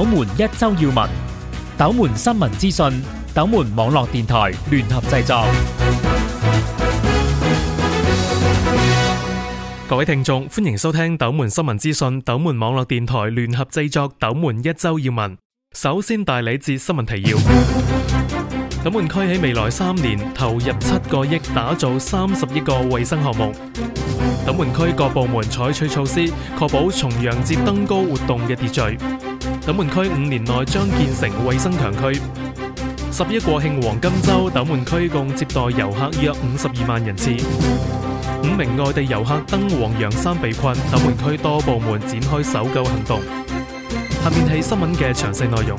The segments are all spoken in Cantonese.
斗門一周要聞，斗門新聞資訊，斗門網絡電台聯合製作。各位聽眾，歡迎收聽斗門新聞資訊，斗門網絡電台聯合製作。斗門一周要聞，首先帶你睇新聞提要：斗門區喺未來三年投入七個億，打造三十億個衛生項目。斗門區各部門採取措施，確保重陽節登高活動嘅秩序。斗門區五年內將建成衛生強區。十一國慶黃金周，斗門區共接待遊客約五十二萬人次。五名外地遊客登黃洋山被困，斗門區多部門展開搜救行動。下面係新聞嘅詳細內容。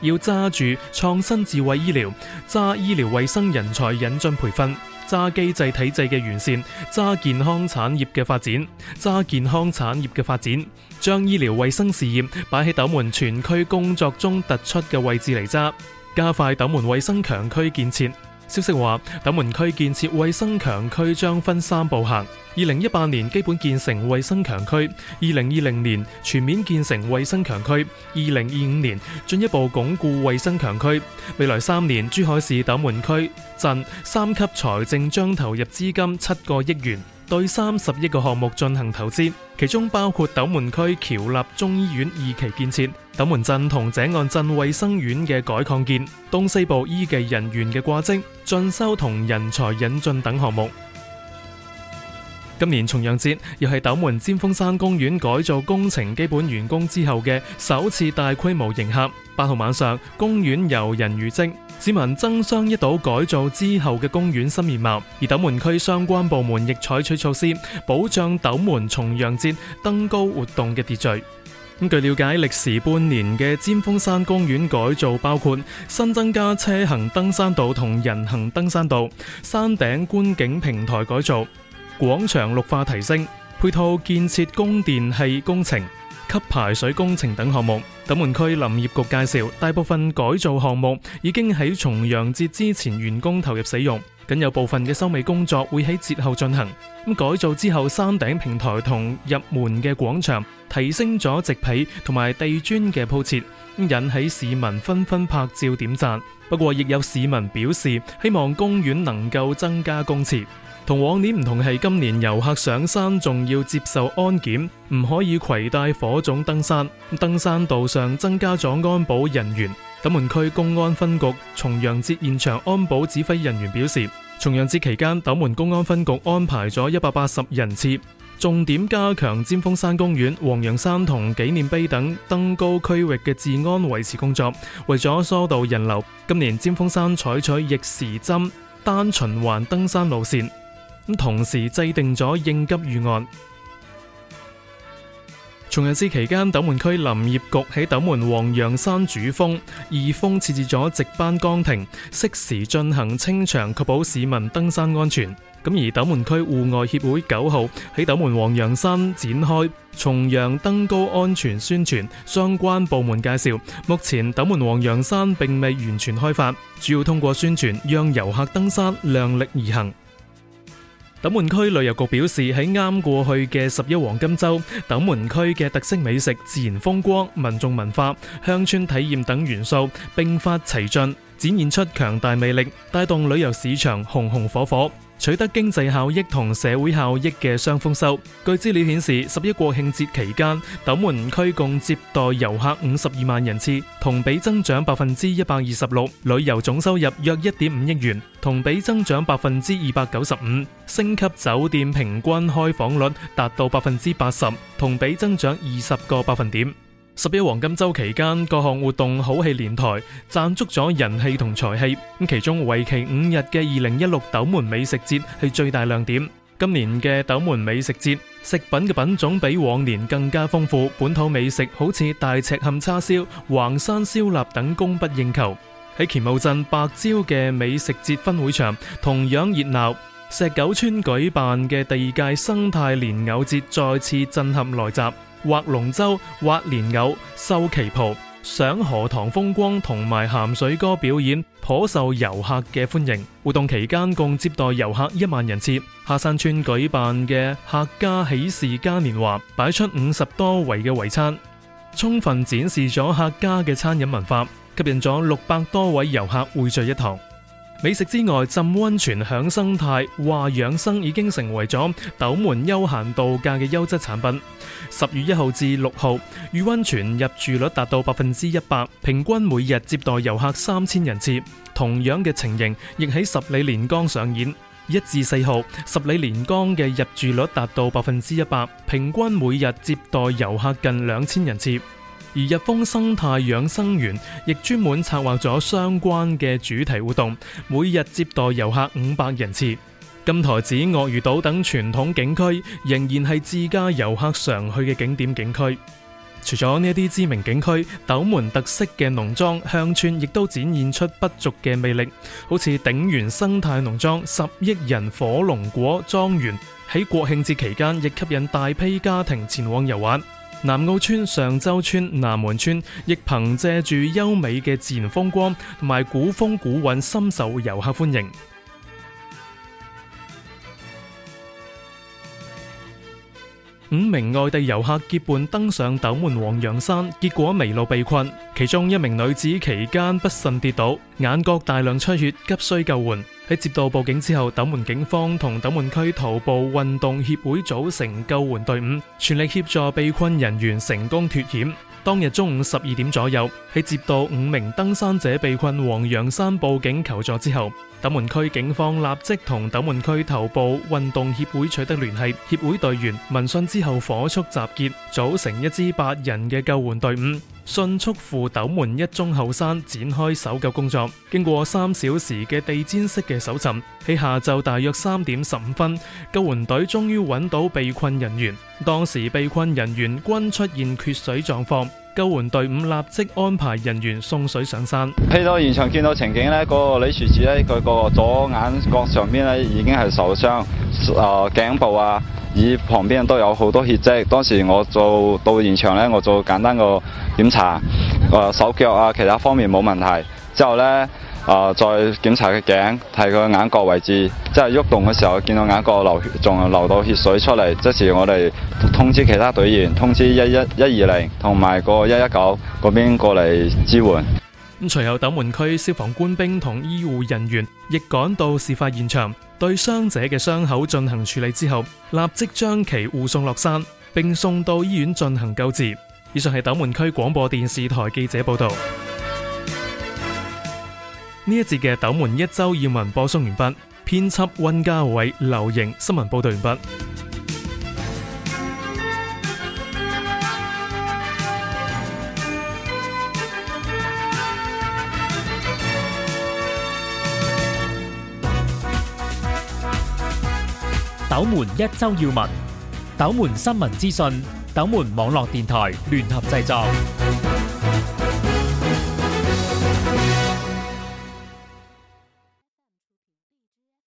要揸住創新智慧醫療，揸醫療衛生人才引進培訓，揸機制體制嘅完善，揸健康產業嘅發展，揸健康產業嘅發展，將醫療衛生事業擺喺斗門全區工作中突出嘅位置嚟揸，加快斗門衛生強區建設。消息話，斗門區建設衛生強區將分三步行：二零一八年基本建成衛生強區，二零二零年全面建成衛生強區，二零二五年進一步鞏固衛生強區。未來三年，珠海市斗門區鎮三級財政將投入資金七個億元。對三十億個項目進行投資，其中包括斗門區僑立中醫院二期建設、斗門鎮同井岸鎮衛生院嘅改擴建、東西部醫技人員嘅掛職、進修同人才引進等項目。今年重陽節又係斗門尖峰山公園改造工程基本完工之後嘅首次大規模迎合。八號晚上，公園遊人如織，市民爭相一睹改造之後嘅公園新面貌。而斗門區相關部門亦採取措施，保障斗門重陽節登高活動嘅秩序。咁據了解，歷時半年嘅尖峰山公園改造，包括新增加車行登山道同人行登山道、山頂觀景平台改造、廣場綠化提升、配套建設供電器工程。吸排水工程等項目，斗門區林業局介紹，大部分改造項目已經喺重陽節之前完工投入使用，僅有部分嘅收尾工作會喺節後進行。咁改造之後，山頂平台同入門嘅廣場提升咗植被同埋地磚嘅鋪設，引起市民紛紛拍照點讚。不過，亦有市民表示希望公園能夠增加公廁。同往年唔同係，今年遊客上山仲要接受安檢，唔可以攜帶火種登山。登山道上增加咗安保人員。斗門區公安分局重陽節現場安保指揮人員表示，重陽節期間，斗門公安分局安排咗一百八十人次，重點加強尖峰山公園、黃洋山同紀念碑等登高區域嘅治安維持工作。為咗疏導人流，今年尖峰山採取逆時針單循環登山路線。同時制定咗應急預案。重陽節期間，斗門區林業局喺斗門黃楊山主峰、二峰設置咗值班崗亭，適時進行清場，確保市民登山安全。咁而斗門區戶外協會九號喺斗門黃楊山展開重陽登高安全宣傳。相關部門介紹，目前斗門黃楊山並未完全開發，主要通過宣傳讓遊客登山量力而行。斗門區旅遊局表示，喺啱過去嘅十一黃金周，斗門區嘅特色美食、自然風光、民眾文化、鄉村體驗等元素並發齊進，展現出強大魅力，帶動旅遊市場紅紅火火，取得經濟效益同社會效益嘅雙豐收。據資料顯示，十一國慶節期間，斗門區共接待遊客五十二萬人次，同比增長百分之一百二十六；旅遊總收入約一點五億元，同比增長百分之二百九十五。星級酒店平均開房率達到百分之八十，同比增長二十個百分點。十一黃金周期間各項活動好戲連台，賺足咗人氣同財氣。咁其中為期五日嘅二零一六斗門美食節係最大亮點。今年嘅斗門美食節，食品嘅品種比往年更加豐富，本土美食好似大赤坎叉燒、橫山燒臘等供不應求。喺乾務鎮白蕉嘅美食節分會場同樣熱鬧。石狗村舉辦嘅第二屆生態蓮藕節再次震撼來襲，划龍舟、挖蓮藕、收旗袍、賞荷塘風光同埋鹹水歌表演，頗受遊客嘅歡迎。活動期間共接待遊客一萬人次。下山村舉辦嘅客家喜事嘉年華，擺出五十多位嘅圍餐，充分展示咗客家嘅餐飲文化，吸引咗六百多位遊客匯聚一堂。美食之外，浸溫泉，享生態，話養生，已經成為咗斗門休閒度假嘅優質產品。十月一號至六號，御溫泉入住率達到百分之一百，平均每日接待遊客三千人次。同樣嘅情形亦喺十里蓮江上演。一至四號，十里蓮江嘅入住率達到百分之一百，平均每日接待遊客近兩千人次。而日豐生態養生園亦專門策劃咗相關嘅主題活動，每日接待遊客五百人次。金台子、鱷魚島等傳統景區仍然係自駕遊客常去嘅景點景區。除咗呢啲知名景區，斗門特色嘅農莊、鄉村亦都展現出不俗嘅魅力。好似鼎源生態農莊十億人火龍果莊園喺國慶節期間亦吸引大批家庭前往遊玩。南澳村、上洲村、南門村亦憑借住優美嘅自然風光同埋古風古韻，深受遊客歡迎。五名外地遊客結伴登上斗門黃楊山，結果迷路被困，其中一名女子期間不慎跌倒，眼角大量出血，急需救援。喺接到報警之後，斗門警方同斗門區徒步運動協會組成救援隊伍，全力協助被困人員成功脫險。當日中午十二點左右，喺接到五名登山者被困黃楊山報警求助之後，斗門區警方立即同斗門區徒步運動協會取得聯繫，協會隊員聞訊之後火速集結，組成一支八人嘅救援隊伍。迅速赴斗門一中後山展開搜救工作，經過三小時嘅地氈式嘅搜尋，喺下晝大約三點十五分，救援隊終於揾到被困人員。當時被困人員均出現缺水狀況，救援隊伍立即安排人員送水上山。喺到現場見到情景呢，個女廚子咧佢個左眼角上邊呢，已經係受傷，誒、呃、頸部啊。耳旁邊都有好多血迹，當時我做到現場呢，我做簡單個檢查，呃、手腳啊其他方面冇問題，之後呢，誒、呃、再檢查佢頸，睇佢眼角位置，即係喐動嘅時候見到眼角流血，仲流到血水出嚟，即時我哋通知其他隊員，通知一一一二零同埋個一一九嗰邊過嚟支援。咁隨後斗門區消防官兵同醫護人員亦趕到事發現場，對傷者嘅傷口進行處理之後，立即將其護送落山，並送到醫院進行救治。以上係斗門區廣播電視台記者報道。呢 一節嘅《斗門一周要聞》播送完畢，編輯溫家偉、劉瑩，新聞報道完畢。斗門一周要聞、斗門新聞資訊、斗門網絡電台聯合製作。